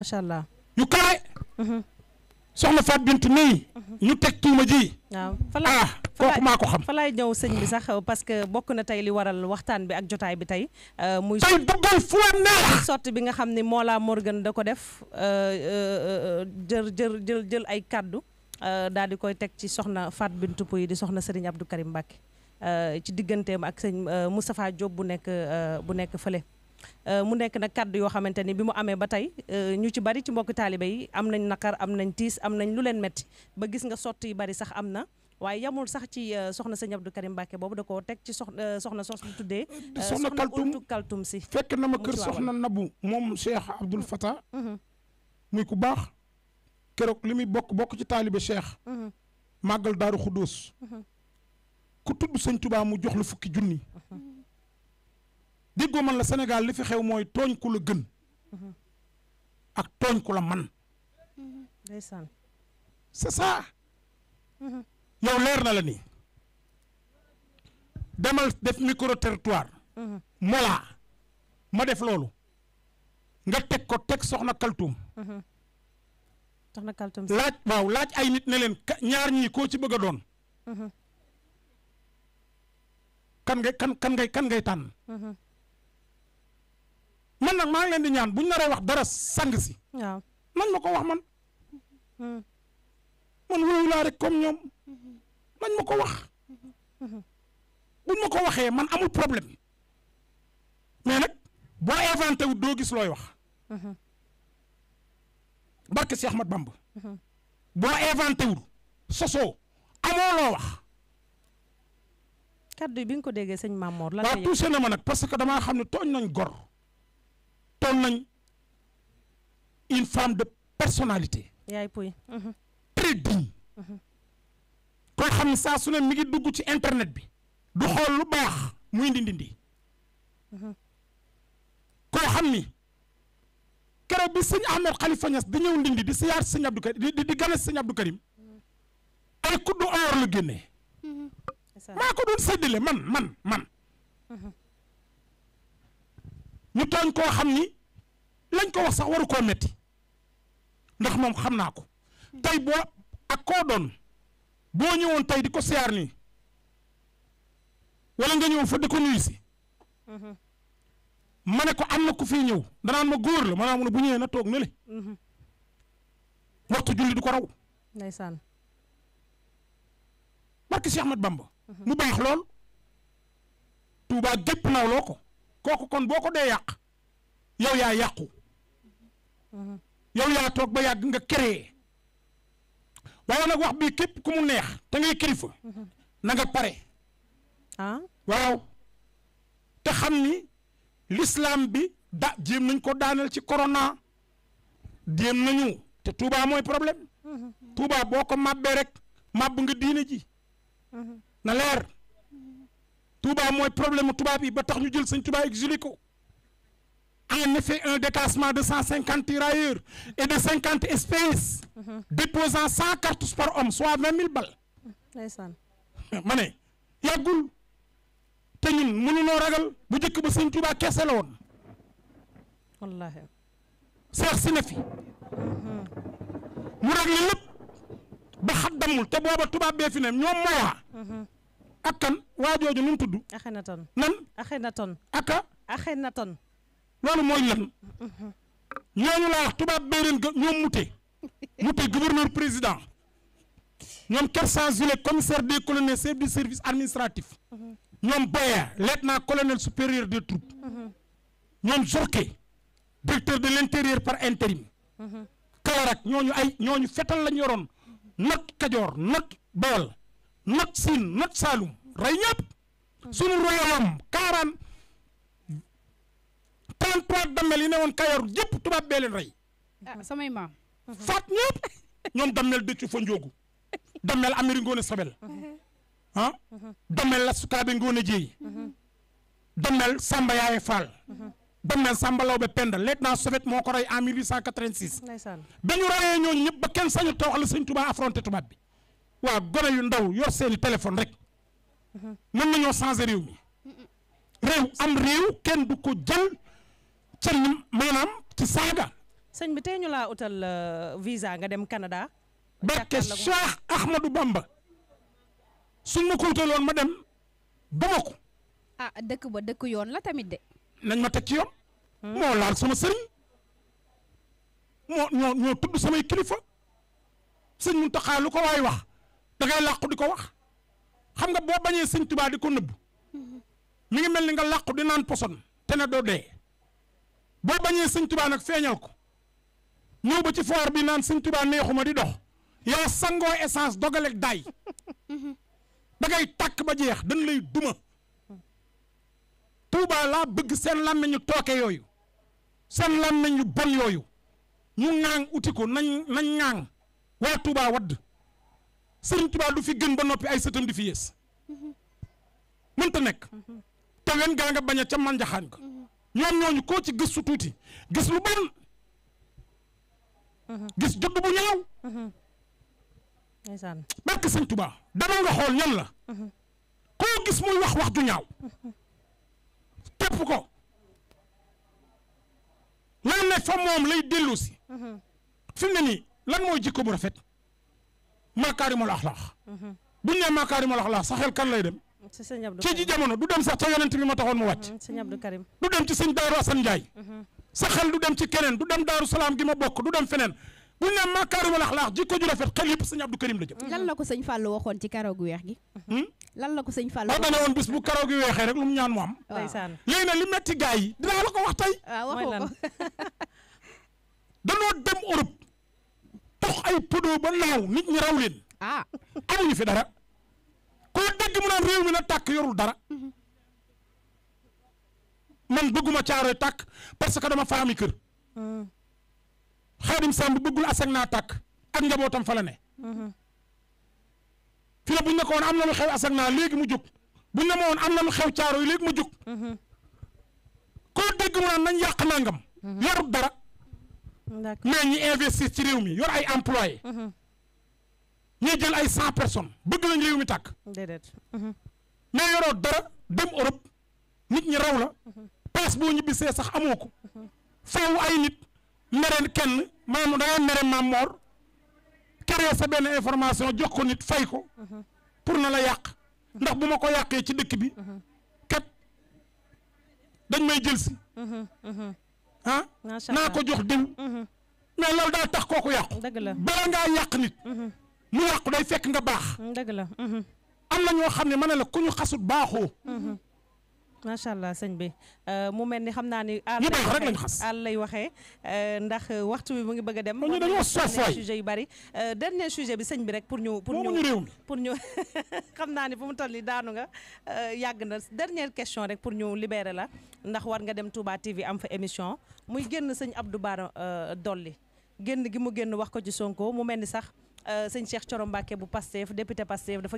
macha allah yu kawe. Mhm. soxna Fatou Bintou nii. Mhm. ñu teg tuuma ji. waaw fa ah, ñëw sëñ bi sax parce que bokk na tey li waral waxtaan bi ak jotaay bi tey. Euh, muy tey bi nga xam ne Mollah Morgun da ko def euh, euh, jël jël jël jël ay kaddu daal di koy teg ci soxna Fatou bint Pouye di soxna Serigne Abdou Karim Mbacké ci digganteem ak sëñ Moustapha Diop bu nekk bu nekk fële. Euh, mu nekk nag kàdd yoo xamante ni bi mu amee ba tey euh, ñu ci bari ci mbokk taalibe yi am nañ naqar am nañ tiis am nañ lu leen metti ba gis nga sotti yu bari sax am na waaye yamul sax ci euh, soxna sëñ Abdou Karim Mbacke boobu da koo teg ci soxna soxna sos bu tuddee. soxna kaltum soxna kaltum si. fekk na ma kër soxna Nabu moom Cheikh Abdoul mm-hmm. Fattah. Mm-hmm. muy ku baax. keroog li muy bokk bokk ci taalibe Cheikh. Mm-hmm. màggal daaru Xuddoos. ku tudd sëñ Tuubaa mu jox lu fukki junni. déggoo man la Sénégal li fi xew mooy tooñ ku la gën mhm. ak tooñ ku la man mhm. ndeysaan c'est ça mhm. yow leer na la nii demal def micro territoire mola ma def loolu nga teg ko teg soxna kaltuum soxna kaltuum laaj waaw laaj ay nit ne leen ñaar ñii koo ci bëgg a doon kan ngay kan kan ngay kan ngay man nag maa ngi leen di ñaan bu ñu naree wax dara sang si. waaw nañ ma ko wax man. Hmm. man wóowu laa rek comme ñoom nañ ma ko wax. Hmm. buñ ma ko waxee man amul problème mais nag boo inventé wu doo gis looy wax. Hmm. barke si ma Bamba. boo inventé wul sosoo amoo loo wax. kaddu yi bi nga ko déggee sëñ Mamour lan la touché na ma nag parce que damaa xam ne tooñ nañ gor. toon nañ une femme de personnalité. yaay puy. Mhm. très mhm. xam ne saa su ne mi ngi dugg ci internet bi. du xool lu baax muy ndindi ndindi. Mhm. koo xam ni keroog bi sëñ Ahmed Khalifa Niass di ñëw ndindi di siyaar sëñ Abdou Karim di di gane sëñ Abdou Karim ay kuddu or la génnee. maa ko doon séddale man man man. ñu tooñ koo xam ni lañ ko wax sax waru koo metti ndax moom xam naa ko tey boo ak koo doon boo ñëwoon tey di ko siyaar nii wala nga ñëw fa di ko nuyu si mhm. ma ne ko am na ku fii ñëw danaan ma góor la maanaam mu ne bu ñëwee na toog ne le mhm. waxtu julli du ko raw ndeysaan barke Cheikh Ahmad Bamba mhm. mu baax lool Tuubaa gépp nawloo ko kooku kon boo ko dee yàq yow yaa yàqu yow yaa toog ba yàgg nga créé waaye nag wax bi képp ku mu neex te ngay kilifa na nga pare ah. waaw te xam ni lislaam bi da jéem nañ ko daaneel ci corona jéem nañu te Touba mooy problème mm-hmm. Touba boo ko màbbee rek màbb nga diine ji mm-hmm. na leer Touba mooy problème mu tubaab yi ba tax ñu jël sëñ Touba exilé ko en effet un déclassement de cent cinquante tirailleurs et de cinquante espèces. déposant cent cartouches par homme soit vingt mille balles. ndeysaan. yàggul te ñun mënunoo ragal bu njëkk ba sëñ Touba kese la woon. wallaahi. seex si na fi. mu ragal lépp ba xat damul te booba tubaab bee fi ne ñoom moo akkan waa jooju nu mu tudd. Akhenaton nan. Akhenaton akka. Akhenaton. loolu mooy lan. Mm-hmm. ñooñu laa wax tubaab béereen ga ñoom mute mute gouverneur président ñoom Kersan Zule commissaire des colonels chef du service administratif. Mm-hmm. ñoom Boya lieutenant colonel supérieur des troupes. Mm-hmm. ñoom Jorke directeur de l' par intérim. Kaolack ñooñu ay ñooñu fetal lañ yoroon nag Kajoor nag Bawol. not Siin not Saalum rey ñëpp suñu royaume quarante trente trois dammel yi ne woon Kayor yëpp tubaab bee leen rey. Ah, samay maam. faat ñëpp ñoom dammel dëccu fa njóogu dammel Amari Ngoone Sobel ah dammel la Sukaabe Ngoone Jéey dammel Samba Yaaye Fall dammel Samba Lawbe Penda lieutenant Sowét moo ko rey en 1886. dañu reyee ñooñu ñëpp ba kenn sañu toox la sëñ tubaab affronté tubaab bi. waa gone yu ndaw yor seeni téléphone rek mën nañoo changer réew mi réew am réew kenn du ko jël ca maanaam ci saaga. sëñ bi tey ñu laa utal euh, visa nga dem Canada. barke Cheikh Ahmadou Bamba suñ ma ko utaloon ma dem ba ma ko. ah dëkk ba dëkk yoon la tamit de. nañ ma teg ci yoon. Hmm. moo laal sama sëriñ moo ñoo ñoo tudd samay kilifa sëñ Muntaxa lu ko waay wax. da ngay làqu di ko wax xam nga boo bañee sëñ tubaa di ko nëbb mi ngi mel ni nga làqu di naan poson te ne doo dee boo bañee sëñ tubaa nag feeñal ko ñëw ba ci foire bi naan sëñ tubaa neexuma di dox yow sangoo essence dogaleeg daay da tàkk ba jeex dañ lay duma tuubaa laa bëgg seen làmmiñ ñu tooke yooyu seen làmmiñ ñu bon yooyu ñu ŋaaŋ uti ko nañ nañ ŋaaŋ waa tuubaa wadd sëriñ tubaa du fi gën ba noppi ay sëtam di fi yées mënta nekk te wen gaa nga bañ ca manjaxaan ko ñoom ñooñu koo ci gëstu tuuti gis lu bon gis judd bu ñaaw barke sëñ Tuubaa dama nga xool ñan la koo gis muy wax wax ju ñaaw tepp ko lan ne fa moom lay dellu si ne nii lan mooy jikko bu rafet makaarimul axlaax mhm. bu ñu nee makaarimul axlaax sa xel kan lay dem mm, ci ji jamono du dem sax ca yonent bi ma taxoon mu wàcc mm, du dem ci sëñ daaru asan njaay mhm. sa xel du dem ci keneen du dem daaru salaam gi ma bokk du dem feneen bu ñu nee makaarimul axlaax ji ko ju rafet xel yëpp sëñ abdou karim la jëm mhm. lan la ko sëñ Fallou waxoon ci karaw gu weex gi hmm? lan la ko sëñ Fallou wax dana woon bis bu karaw gi weexee rek lu mu ñaan mu am léegi nag li metti gaa yi dinaa la ko wax tey ah, danoo dem Europe dox ay podo ba naaw nit ñi raw leen. ah fi dara. koo dégg mu naan réew mi na tàkk yorul dara. man bëgguma caarooy tàkk parce que dama faami kër. xaadim Samb bëggul aseg naa tàkk ak njabootam fa la ne. fi la buñ ko woon am na lu xew aseg naa léegi mu jóg buñ ne woon am na lu xew caarooy léegi mu jóg. koo dégg mu naan nañ yàq nangam. Mm-hmm. yorul dara. mais ñu investir ci réew mi yor ay employé mhm. ñuy jël ay cent personnes bëgg nañ réew mi tàkk mais mhm. yoroo dara dem Europe nit ñi raw la mhm. paas boo ñibbisee sax amoo ko faaw ay nit mereen kenn maam dangaa mere maam moor sa benn information jox ko nit fay ko pour na la yàq ndax bu ma ko yàqee ci dëkk bi kat dañ may jël si ah naa ko jox diw mm-hmm. mais loolu daa tax kooku yàqu bala ngaa yàq nit mm-hmm. mu yàqu day fekk nga baax mm-hmm. dëgg la ñoo xam ne ma ne la ku ñu xasut baaxoo macha allah sëñ bi euh, mu mel ni xam naa ni. ñu bëgg rek lañu àll lay waxee euh, ndax waxtu bi mu ngi bëgg a dem. ñu dañoo sof waay sujet yu bari. Euh, dernier sujet bi sëñ bi rek pour ñu. pour ñu réew mi pour ñu xam naa ni fu mu toll nii daanu nga yàgg na dernière question rek pour ñu libérer la ndax war nga dem Touba TV am fa émission muy génn sëñ Abdou Bara Dolly génn gi mu génn wax ko ci Sonko mu mel ni sax sëñ Cheikh Thioro Mbacké bu Pastef député Pastef dafa.